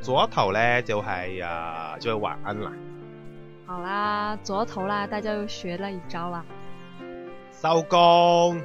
左頭呢，就係、是、啊，就係晚安啦。好啦，左頭啦，大家又學了一招啦。收工。